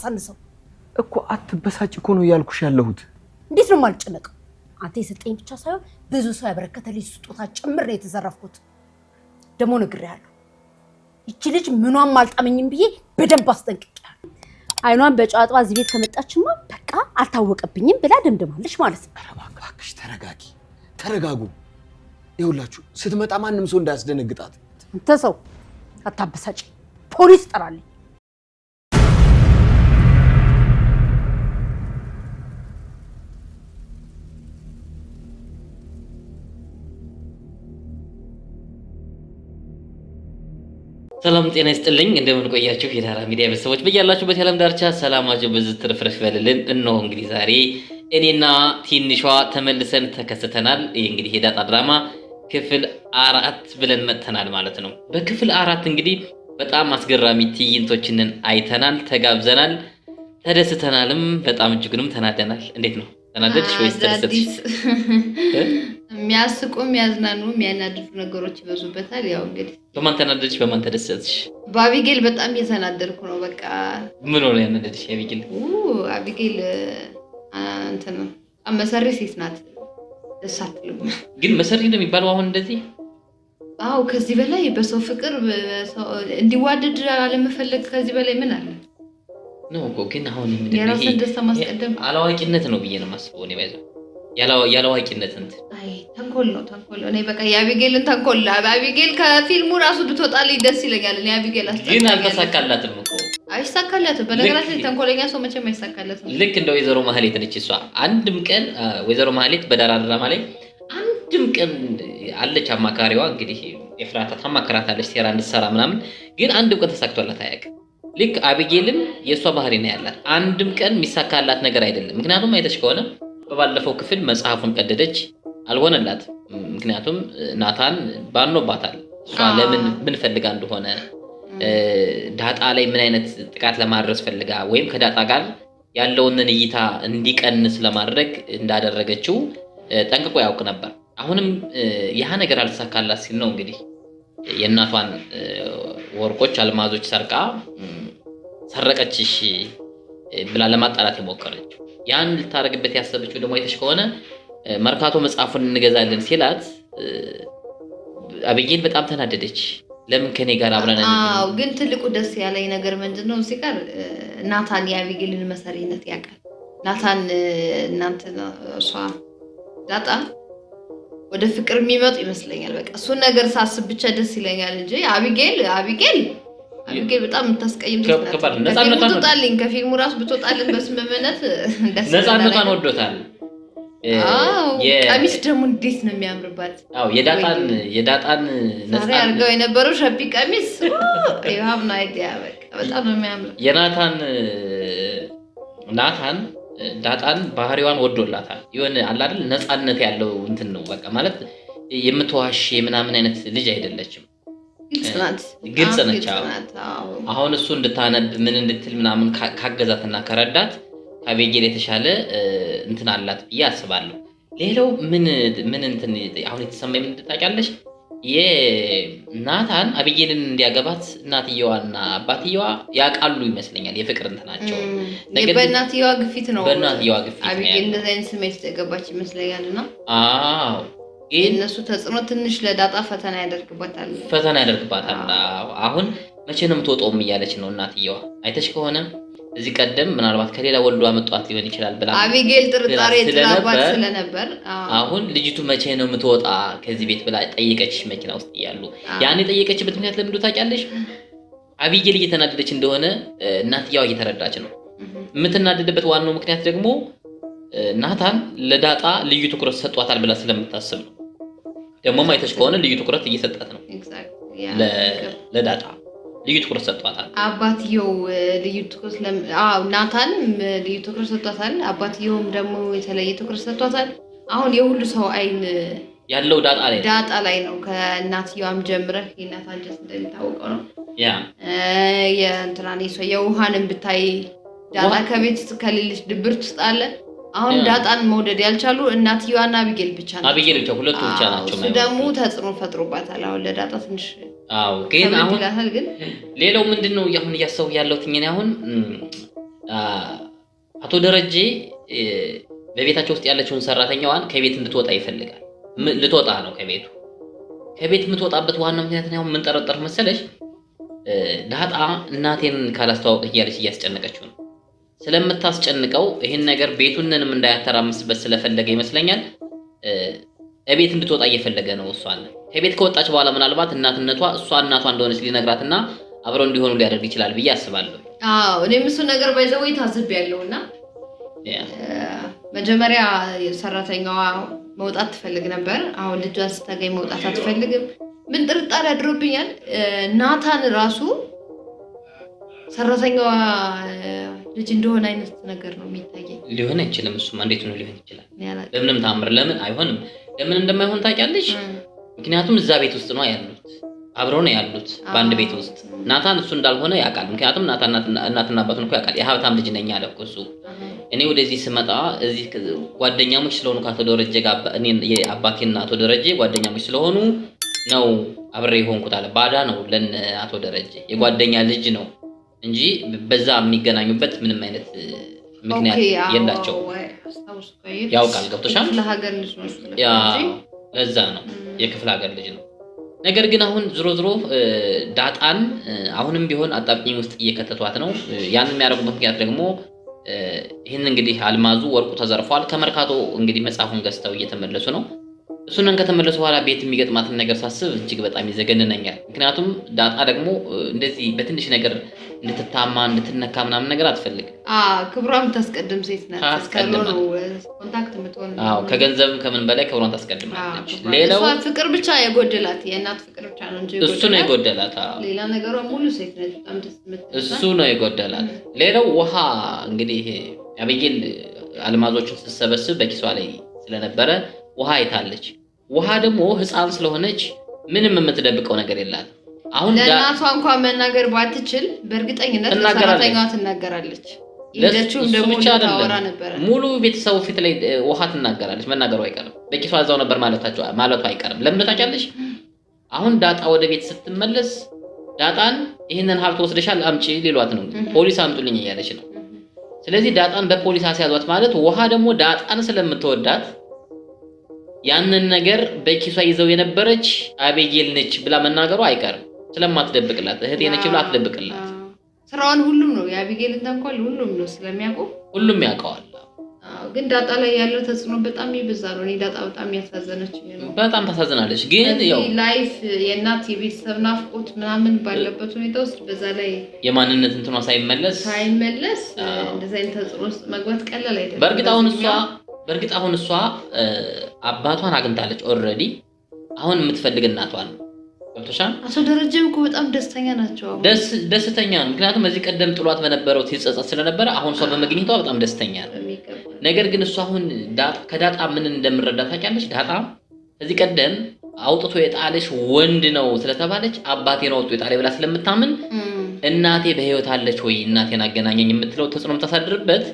የምታሳንሰው እኮ አትበሳጭ እኮ ነው እያልኩሽ ያለሁት። እንዴት ነው የማልጨነቀው? አንተ የሰጠኝ ብቻ ሳይሆን ብዙ ሰው ያበረከተልኝ ስጦታ ጭምር ነው የተዘረፍኩት። ደግሞ ነግሬሃለሁ፣ ይቺ ልጅ ምኗም አልጣመኝም ብዬ በደንብ አስጠንቅቄያለሁ። አይኗን በጨዋታ እዚህ ቤት ከመጣችማ በቃ አልታወቀብኝም ብላ ደምድማለች ማለት ነው። ኧረ እባክሽ ተረጋጊ፣ ተረጋጉ። ይኸውላችሁ ስትመጣ ማንም ሰው እንዳያስደነግጣት። አንተ ሰው አታበሳጭ፣ ፖሊስ እጠራለሁ። ሰላም ጤና ይስጥልኝ። እንደምንቆያችሁ የዳራ ሚዲያ ቤተሰቦች በያላችሁበት የዓለም ዳርቻ ሰላማችሁ ብዙ ትርፍርፍ በልልን። እነሆ እንግዲህ ዛሬ እኔና ትንሿ ተመልሰን ተከስተናል። ይህ እንግዲህ የዳጣ ድራማ ክፍል አራት ብለን መጥተናል ማለት ነው። በክፍል አራት እንግዲህ በጣም አስገራሚ ትዕይንቶችንን አይተናል፣ ተጋብዘናል፣ ተደስተናልም በጣም እጅጉንም ተናደናል። እንዴት ነው ተናደድሽ ወይስ ተደሰትሽ? የሚያስቁ የሚያዝናኑ የሚያናድዱ ነገሮች ይበዙበታል። ያው እንግዲህ በማን ተናደድሽ? በማን ተደሰትሽ? በአቢጌል በጣም እየተናደድኩ ነው። በቃ ምን ሆነ ያናደድሽ? አቢጌል አቢጌል እንትን መሰሪ ሴት ናት። ደስ አትልም ግን መሰሪ ነው የሚባለው አሁን እንደዚህ አዎ፣ ከዚህ በላይ በሰው ፍቅር እንዲዋደድ አለመፈለግ ከዚህ በላይ ምን አለ? ነው እኮ ግን አሁን የራስን ደስታ ማስቀደም አላዋቂነት ነው ብዬ ነው የማስበው። እኔ ባይዘው ያላዋቂነት እንትን ተንኮል ነው ተንኮል። እኔ በቃ የአቢጌልን ተንኮል አቢጌል ከፊልሙ ራሱ ብትወጣልኝ ደስ ይለኛል። እኔ አቢጌል ግን አልተሳካላትም እኮ አይሳካላትም። በነገራችን ላይ ተንኮለኛ ሰው መቼም አይሳካላትም። ልክ እንደ ወይዘሮ ማህሌት ነች እሷ። አንድም ቀን ወይዘሮ ማህሌት በዳራ ድራማ ላይ አንድም ቀን አለች አማካሪዋ እንግዲህ የፍራታት አማከራታለች ሴራ እንድትሰራ ምናምን፣ ግን አንድም ቀን ተሳክቷላት አያውቅም። ልክ አብጌልም የእሷ ባህሪ ነው ያላት። አንድም ቀን የሚሳካላት ነገር አይደለም። ምክንያቱም አይተች ከሆነ በባለፈው ክፍል መጽሐፉን ቀደደች፣ አልሆነላት። ምክንያቱም ናታን ባኖባታል። እሷ ለምን ምን ፈልጋ እንደሆነ ዳጣ ላይ ምን አይነት ጥቃት ለማድረስ ፈልጋ ወይም ከዳጣ ጋር ያለውንን እይታ እንዲቀንስ ለማድረግ እንዳደረገችው ጠንቅቆ ያውቅ ነበር። አሁንም ያህ ነገር አልተሳካላት ሲል ነው እንግዲህ የእናቷን ወርቆች፣ አልማዞች ሰርቃ ሰረቀችሽ ብላ ለማጣራት የሞከረችው ያን ልታደርግበት ያሰበችው ደግሞ አይተሽ ከሆነ መርካቶ መጽሐፉን እንገዛለን ሲላት አብይን በጣም ተናደደች። ለምን ከኔ ጋር አብረን ግን ትልቁ ደስ ያለኝ ነገር ምንድን ነው ሲቀር ናታን የአቢጌልን መሰሪነት ያውቃል። ናታን እናንተ እሷ ዳጣ ወደ ፍቅር የሚመጡ ይመስለኛል። በቃ እሱን ነገር ሳስብ ብቻ ደስ ይለኛል እንጂ አቢጌል አቢጌል አቢጌል በጣም የምታስቀይም ትወጣልኝ። ከፊልሙ ራሱ ብትወጣልን በስምምነት ነፃነቷን ወዶታል። ቀሚስ ደግሞ እንዴት ነው የሚያምርባት! የዳጣን የዳጣን አድርገው የነበረው ሸቢ ቀሚስ ናይዲያ በጣም ነው የሚያምር የናታን ናታን ዳጣን ባህሪዋን ወዶላታል። የሆነ አላደል ነፃነት ያለው እንትን ነው በቃ ማለት የምትዋሽ የምናምን አይነት ልጅ አይደለችም። ግልጽ ነች። አሁን እሱ እንድታነብ ምን እንድትል ምናምን ካገዛትና ከረዳት ከቤጌል የተሻለ እንትን አላት ብዬ አስባለሁ። ሌላው ምን ምን እንትን አሁን የተሰማኝ ምን ትታውቂያለሽ? የናታን አብዬልን እንዲያገባት እናትየዋና አባትየዋ ያውቃሉ ይመስለኛል። የፍቅር እንትናቸው በእናትየዋ ግፊት ነው። በእናትየዋ ግፊት አብዬ እንደዚህ አይነት ስሜት የተገባች ይመስለኛል። እና አዎ የእነሱ ተጽዕኖ ትንሽ ለዳጣ ፈተና ያደርግባታል፣ ፈተና ያደርግባታል። አሁን መቼ ነው የምትወጣውም እያለች ነው እናትየዋ። አይተች ከሆነ እዚህ ቀደም ምናልባት ከሌላ ወልዶ አመጧት ሊሆን ይችላል ብላ አቢጌል ጥርጣሬ ጥላባት ስለነበር አሁን ልጅቱ መቼ ነው የምትወጣ ከዚህ ቤት ብላ ጠይቀች መኪና ውስጥ እያሉ። ያን የጠየቀችበት ምክንያት ለምንዶ ታውቂያለሽ? አቢጌል እየተናደደች እንደሆነ እናትየዋ እየተረዳች ነው። የምትናደድበት ዋናው ምክንያት ደግሞ ናታን ለዳጣ ልዩ ትኩረት ሰጧታል ብላ ስለምታስብ ነው። ደግሞ አይተች ከሆነ ልዩ ትኩረት እየሰጣት ነው ለዳጣ ልዩ ትኩረት ሰጥቷታል። አባትየው ልዩ ትኩረት ናታንም ልዩ ትኩረት ሰጥቷታል። አባትየውም ደግሞ የተለየ ትኩረት ሰጥቷታል። አሁን የሁሉ ሰው አይን ያለው ዳጣ ላይ ዳጣ ላይ ነው። ከእናትየዋም ጀምረህ የእናት አንጀት እንደሚታወቀው ነው። ያ የእንትና የውሃንም ብታይ ዳጣ ከቤት ከሌለች ድብር ትስጣለ አሁን ዳጣን መውደድ ያልቻሉ እናትየዋና አቢጌል ብቻ ናቸው። አቢጌል ብቻ ሁለቱ ብቻ ናቸው። እሱ ደግሞ ተጽዕኖ ፈጥሮባታል። አሁን ለዳጣ ትንሽ አዎ። ግን አሁን ግን ሌላው ምንድን ነው አሁን እያሰቡ ያለሁት እኔ አሁን አቶ ደረጀ በቤታቸው ውስጥ ያለችውን ሰራተኛዋን ከቤት እንድትወጣ ይፈልጋል። ልትወጣ ነው ከቤቱ ከቤት የምትወጣበት ዋና ምክንያት ነው የምንጠረጠር መሰለሽ ዳጣ እናቴን ካላስተዋወቀች እያለች እያስጨነቀችው ነው ስለምታስጨንቀው ይህን ነገር ቤቱንንም እንዳያተራምስበት ስለፈለገ ይመስለኛል እቤት እንድትወጣ እየፈለገ ነው። እሷን ከቤት ከወጣች በኋላ ምናልባት እናትነቷ እሷ እናቷ እንደሆነች ሊነግራትና አብረው እንዲሆኑ ሊያደርግ ይችላል ብዬ አስባለሁ። አዎ እኔም እሱ ነገር ባይዘው ታዝብ ያለው እና መጀመሪያ ሰራተኛዋ መውጣት ትፈልግ ነበር። አሁን ልጇን ስታገኝ መውጣት አትፈልግም። ምን ጥርጣሬ አድሮብኛል። ናታን ራሱ ሰራተኛዋ ልጅ እንደሆነ አይነት ነገር ነው የሚታየኝ። ሊሆን አይችልም። እሱማ እንዴት ነው ሊሆን ይችላል? በምንም ታምር ለምን አይሆንም? ለምን እንደማይሆን ታውቂያለሽ? ምክንያቱም እዛ ቤት ውስጥ ነው ያሉት፣ አብረው ነው ያሉት በአንድ ቤት ውስጥ። ናታን እሱ እንዳልሆነ ያውቃል። ምክንያቱም ናታን እናትና አባቱን እኮ ያውቃል። የሀብታም ልጅ ነኝ አለ እኮ እሱ። እኔ ወደዚህ ስመጣ እዚህ ጓደኛሞች ስለሆኑ ከአቶ ደረጀ ጋር አባቴና አቶ ደረጀ ጓደኛሞች ስለሆኑ ነው አብሬ የሆንኩት አለ። ባዳ ነው ለእነ አቶ ደረጀ የጓደኛ ልጅ ነው እንጂ በዛ የሚገናኙበት ምንም አይነት ምክንያት የላቸው። ያውቃል፣ ገብቶሻል። ለዛ ነው የክፍለ ሀገር ልጅ ነው። ነገር ግን አሁን ዝሮ ዝሮ ዳጣን አሁንም ቢሆን አጣብቂኝ ውስጥ እየከተቷት ነው። ያን የሚያደርጉበት ምክንያት ደግሞ ይህን እንግዲህ አልማዙ ወርቁ ተዘርፏል። ከመርካቶ እንግዲህ መጽሐፉን ገዝተው እየተመለሱ ነው። እሱንን ከተመለሱ በኋላ ቤት የሚገጥማትን ነገር ሳስብ እጅግ በጣም ይዘገንነኛል። ምክንያቱም ዳጣ ደግሞ እንደዚህ በትንሽ ነገር እንድትታማ እንድትነካ ምናምን ነገር አትፈልግ። ክብሯን ታስቀድም ሴት ከገንዘብ ከምን በላይ ክብሯን ታስቀድማለች። ሌላው ፍቅር ብቻ የጎደላት የእናት ፍቅር ብቻ ነው እንጂ እሱ ነው የጎደላት። ሌላ ነገሯ ሙሉ ሴት ነች። በጣም ደስ የምትል እሱ ነው የጎደላት። ሌላው ውሃ እንግዲህ አብይል አልማዞችን ስትሰበስብ በኪሷ ላይ ስለነበረ ውሃ አይታለች። ውሃ ደግሞ ህፃን ስለሆነች ምንም የምትደብቀው ነገር የላትም። አሁን ለእናቷ እንኳን መናገር ባትችል በእርግጠኝነት ለሰራተኛዋ ትናገራለች። ደግሞ ታወራ ነበረ። ሙሉ ቤተሰቡ ፊት ላይ ውሃ ትናገራለች። መናገሩ አይቀርም። በቂሷ እዛው ነበር ማለቱ አይቀርም። ለምን ታውቂያለሽ? አሁን ዳጣ ወደ ቤት ስትመለስ ዳጣን ይህንን ሀብት ወስደሻል አምጪ ሊሏት ነው። ፖሊስ አምጡልኝ እያለች ነው። ስለዚህ ዳጣን በፖሊስ አስያዟት ማለት ውሃ ደግሞ ዳጣን ስለምትወዳት ያንን ነገር በኪሷ ይዘው የነበረች አቤጌል ነች ብላ መናገሩ አይቀርም። ስለማትደብቅላት እህቴ ነች ብላ አትደብቅላት። ስራዋን ሁሉም ነው የአቤጌልን ተንኮል ሁሉም ነው ስለሚያውቁ ሁሉም ያውቀዋል። ግን ዳጣ ላይ ያለው ተጽዕኖ በጣም ይብዛ ነው። እኔ ዳጣ በጣም ያሳዘነች በጣም ታሳዝናለች። ግን ላይፍ የእናት የቤተሰብ ናፍቆት ምናምን ባለበት ሁኔታ ውስጥ በዛ ላይ የማንነት እንትኗ ሳይመለስ ሳይመለስ እንደዚ አይነት ተጽዕኖ ውስጥ መግባት ቀላል አይደለም። በእርግጥ አሁን እሷ በእርግጥ አሁን እሷ አባቷን አግኝታለች ኦልሬዲ። አሁን የምትፈልግ እናቷን ነው። ገብቶሻል? አቶ ደረጀም እኮ በጣም ደስተኛ ናቸው። ደስተኛ ነው፣ ምክንያቱም እዚህ ቀደም ጥሏት በነበረው ትጸጸት ስለነበረ አሁን እሷ በመግኘቷ በጣም ደስተኛ ነው። ነገር ግን እሷ አሁን ከዳጣ ምን እንደምረዳ ታውቂያለሽ? ዳጣ እዚህ ቀደም አውጥቶ የጣለች ወንድ ነው ስለተባለች አባቴ ነው አውጥቶ የጣለ ብላ ስለምታምን እናቴ በህይወት አለች ወይ እናቴን አገናኘኝ የምትለው ተጽዕኖ የምታሳድርበት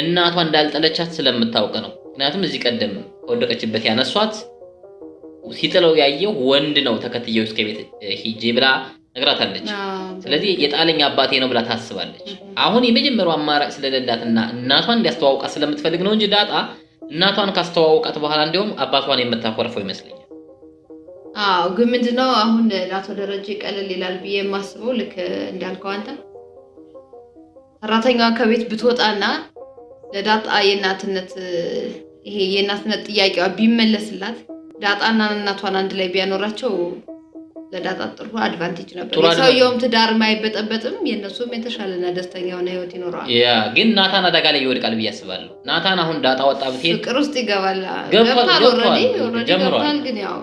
እናቷ እንዳልጠለቻት ስለምታውቅ ነው። ምክንያቱም እዚህ ቀደም ከወደቀችበት ያነሷት ሲጥለው ያየው ወንድ ነው ተከትየው እስከ ቤት ሂጄ ብላ ነግራታለች። ስለዚህ የጣለኝ አባቴ ነው ብላ ታስባለች። አሁን የመጀመሪያው አማራጭ ስለሌላትና እናቷን እንዲያስተዋውቃት ስለምትፈልግ ነው እንጂ ዳጣ እናቷን ካስተዋውቃት በኋላ እንዲሁም አባቷን የምታኮርፈው ይመስለኛል። አዎ፣ ግን ምንድነው አሁን ለአቶ ደረጀ ቀለል ይላል ብዬ የማስበው ልክ እንዳልከው አንተ ሰራተኛዋ ከቤት ብትወጣና ለዳጣ የእናትነት ይሄ የእናትነት ጥያቄዋ ቢመለስላት ዳጣና እናቷን አንድ ላይ ቢያኖራቸው ለዳጣ ጥሩ አድቫንቴጅ ነበር። ሰውየውም ትዳር ማይበጠበጥም የእነሱም የተሻለና ደስተኛ የሆነ ህይወት ይኖረዋል። ያ ግን ናታን አደጋ ላይ ይወድቃል ብዬ አስባለሁ። ናታን አሁን ዳጣ ወጣ ብትሄድ ፍቅር ውስጥ ይገባል። ገብቷል። ግን ያው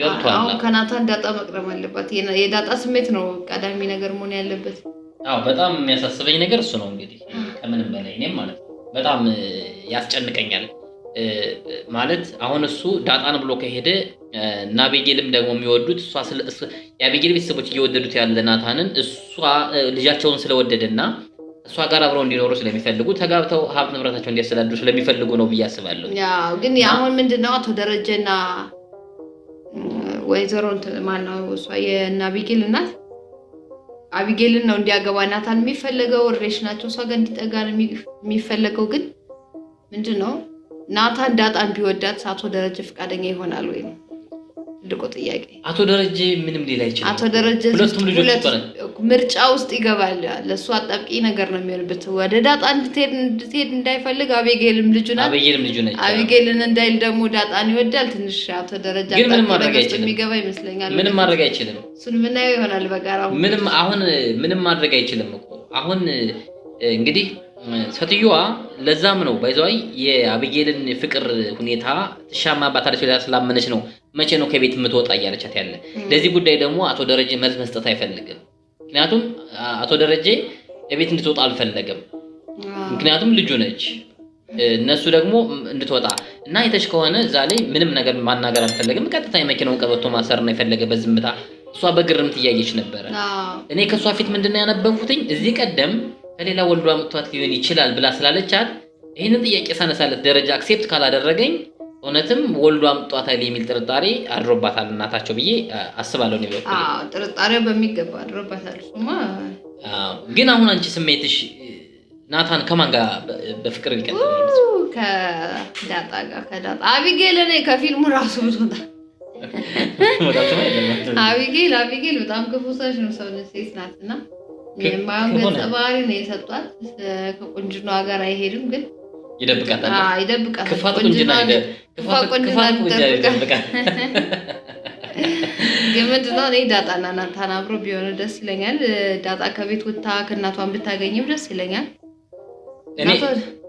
ገብቷል። አሁን ከናታን ዳጣ መቅረብ አለባት። የዳጣ ስሜት ነው ቀዳሚ ነገር መሆን ያለበት። አዎ በጣም የሚያሳስበኝ ነገር እሱ ነው። እንግዲህ ከምንም በላይ እኔም ማለት ነው በጣም ያስጨንቀኛል። ማለት አሁን እሱ ዳጣን ብሎ ከሄደ እና አቤጌልም ደግሞ የሚወዱት የአቤጌል ቤተሰቦች እየወደዱት ያለ ናታንን እሷ ልጃቸውን ስለወደደ እና እሷ ጋር አብረው እንዲኖሩ ስለሚፈልጉ ተጋብተው ሀብት ንብረታቸው እንዲያስተዳድሩ ስለሚፈልጉ ነው ብዬ አስባለሁ። ግን አሁን ምንድነው አቶ ደረጀና ወይዘሮ ማነው እሷ የእነ እናት አቢጌልን ነው እንዲያገባ ናታን የሚፈለገው። ናቸው እሷ ጋር እንዲጠጋ የሚፈለገው ግን ምንድን ነው? ናታን ዳጣን ቢወዳት አቶ ደረጀ ፈቃደኛ ይሆናል ወይ ነው ትልቁ ጥያቄ። አቶ ደረጀ ምንም ሌላ ይችላል አቶ ደረጀ ሁለቱም ልጆች እኮ ምርጫ ውስጥ ይገባል። ለእሱ አጣብቂ ነገር ነው የሚሆንበት። ወደ ዳጣ እንድትሄድ እንዳይፈልግ አቤጌልም ልጁ ናት። አቤጌልን እንዳይል ደግሞ ዳጣን ይወዳል። ትንሽ አቶ ደረጃ የሚገባ ይመስለኛል። ምንም ማድረግ አይችልም። እሱን ምናየው ይሆናል በጋራ። ምንም አሁን ምንም ማድረግ አይችልም እኮ አሁን እንግዲህ ሴትዮዋ ለዛም ነው ባይዘዋይ የአብጌልን ፍቅር ሁኔታ ትሻማ ብላ ስላመነች ነው። መቼ ነው ከቤት የምትወጣ እያለቻት ያለ። ለዚህ ጉዳይ ደግሞ አቶ ደረጀ መልስ መስጠት አይፈልግም። ምክንያቱም አቶ ደረጀ ቤት እንድትወጣ አልፈለገም። ምክንያቱም ልጁ ነች፣ እነሱ ደግሞ እንድትወጣ እና አይተሽ ከሆነ እዛ ላይ ምንም ነገር ማናገር አልፈለገም። ቀጥታ የመኪናውን ቀበቶ ማሰር ነው የፈለገ በዝምታ እሷ በግርም ትያየች ነበረ። እኔ ከእሷ ፊት ምንድነው ያነበብኩትኝ እዚህ ቀደም ከሌላ ወልዷ መጥቷት ሊሆን ይችላል ብላ ስላለቻት ይህንን ጥያቄ ሳነሳለት ደረጃ አክሴፕት ካላደረገኝ እውነትም ወልዶ አምጧታል የሚል ጥርጣሬ አድሮባታል እናታቸው ብዬ አስባለሁ። ነው ይበቃ ጥርጣሬ በሚገባ አድሮባታል። እሱማ ግን አሁን አንቺ ስሜትሽ ናታን ከማን ጋር በፍቅር ቢቀጥል? ከዳጣ ጋር ከዳጣ አቢጌል። እኔ ከፊልሙ ራሱ ብዙታ አቢጌል አቢጌል በጣም ክፉ ሰዎች ነው። ሰው ሴት ናትና የማየውን ገጸ ባህሪ ነው የሰጧት። ከቁንጅናዋ ጋር አይሄድም ግን ይደብቃታል። ይደብቃታል። ክፋት ቁንጅና ይደብቃል። የምንድነው እኔ ዳጣና ናታን አብሮ ቢሆኑ ደስ ይለኛል። ዳጣ ከቤት ውታ ከእናቷን ብታገኝም ደስ ይለኛል።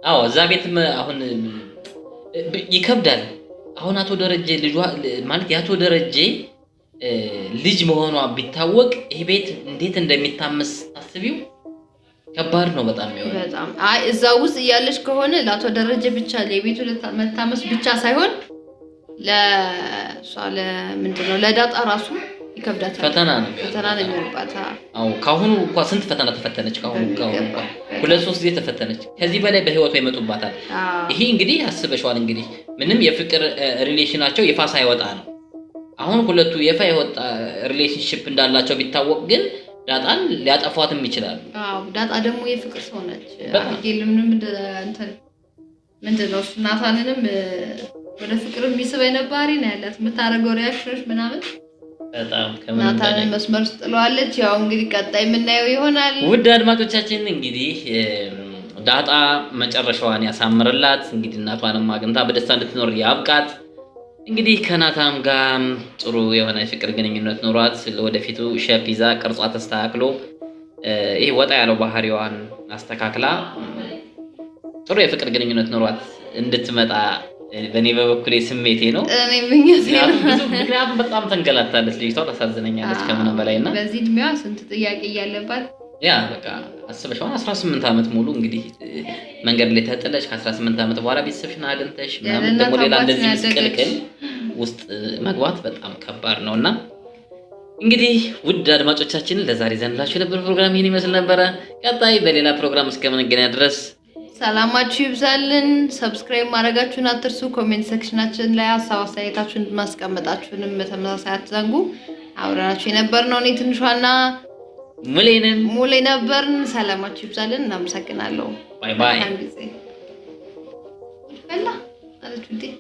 አዎ እዛ ቤትም አሁን ይከብዳል። አሁን አቶ ደረጀ ልጇ ማለት የአቶ ደረጀ ልጅ መሆኗ ቢታወቅ ይሄ ቤት እንዴት እንደሚታመስ ታስቢው? ከባድ ነው በጣም የሚሆነው። በጣም አይ እዛ ውስጥ እያለች ከሆነ ለአቶ ደረጀ ብቻ ለቤቱ መታመስ ብቻ ሳይሆን ለሷ ለምንድን ነው ለዳጣ ራሱ ይከብዳታል። ፈተና ነው ፈተና ነው የሚሆንባት። አዎ ካሁኑ እንኳ ስንት ፈተና ተፈተነች። ካሁኑ ካሁኑ እንኳ ሁለት ሶስት ጊዜ ተፈተነች። ከዚህ በላይ በህይወቷ ይመጡባታል። ይሄ እንግዲህ አስበሽዋል። እንግዲህ ምንም የፍቅር ሪሌሽናቸው የፋ ሳይወጣ ነው። አሁን ሁለቱ የፋ የወጣ ሪሌሽንሽፕ እንዳላቸው ቢታወቅ ግን ዳጣን ሊያጠፏትም ይችላሉ። አዎ ዳጣ ደግሞ የፍቅር ሰው ነች። ምንድን ነው እሱ ናታንንም ወደ ፍቅር የሚስብ ነባሪ ነው ያላት የምታደርገው ሪያክሽኖች ምናምን ናታንን መስመር ውስጥ ጥለዋለች። ያው እንግዲህ ቀጣይ የምናየው ይሆናል። ውድ አድማጮቻችን እንግዲህ ዳጣ መጨረሻዋን ያሳምርላት። እንግዲህ እናቷንም አግኝታ በደስታ እንድትኖር ያብቃት። እንግዲህ ከናታም ጋር ጥሩ የሆነ ፍቅር ግንኙነት ኑሯት ወደፊቱ ሼፕ ይዛ ቅርጿ ተስተካክሎ ይህ ወጣ ያለው ባህሪዋን አስተካክላ ጥሩ የፍቅር ግንኙነት ኑሯት እንድትመጣ በእኔ በበኩሌ ስሜቴ ነው። ምክንያቱም በጣም ተንገላታለች ልጅቷ፣ ታሳዝነኛለች ከምንም በላይ እና በዚህ እድሜዋ ስንት ጥያቄ እያለባት ያ በቃ አስበሽ አሁን 18 ዓመት ሙሉ እንግዲህ መንገድ ላይ ተጥለሽ ከ18 ዓመት በኋላ ቤተሰብሽን አግኝተሽ ምናምን ደግሞ ሌላ እንደዚህ ምስቅልቅል ውስጥ መግባት በጣም ከባድ ነው እና እንግዲህ ውድ አድማጮቻችን ለዛሬ ዘንላችሁ የነበረ ፕሮግራም ይህን ይመስል ነበረ። ቀጣይ በሌላ ፕሮግራም እስከምንገናኝ ድረስ ሰላማችሁ ይብዛልን። ሰብስክራይብ ማድረጋችሁን አትርሱ። ኮሜንት ሴክሽናችን ላይ ሀሳብ አስተያየታችሁን ማስቀመጣችሁንም በተመሳሳይ አትዘንጉ። አብረናችሁ የነበር ነው እኔ ትንሿና ሙሌንን ሙሌ ነበርን። ሰላማችሁ ይብዛልን። እናመሰግናለሁ። ባይ ባይ። ጊዜ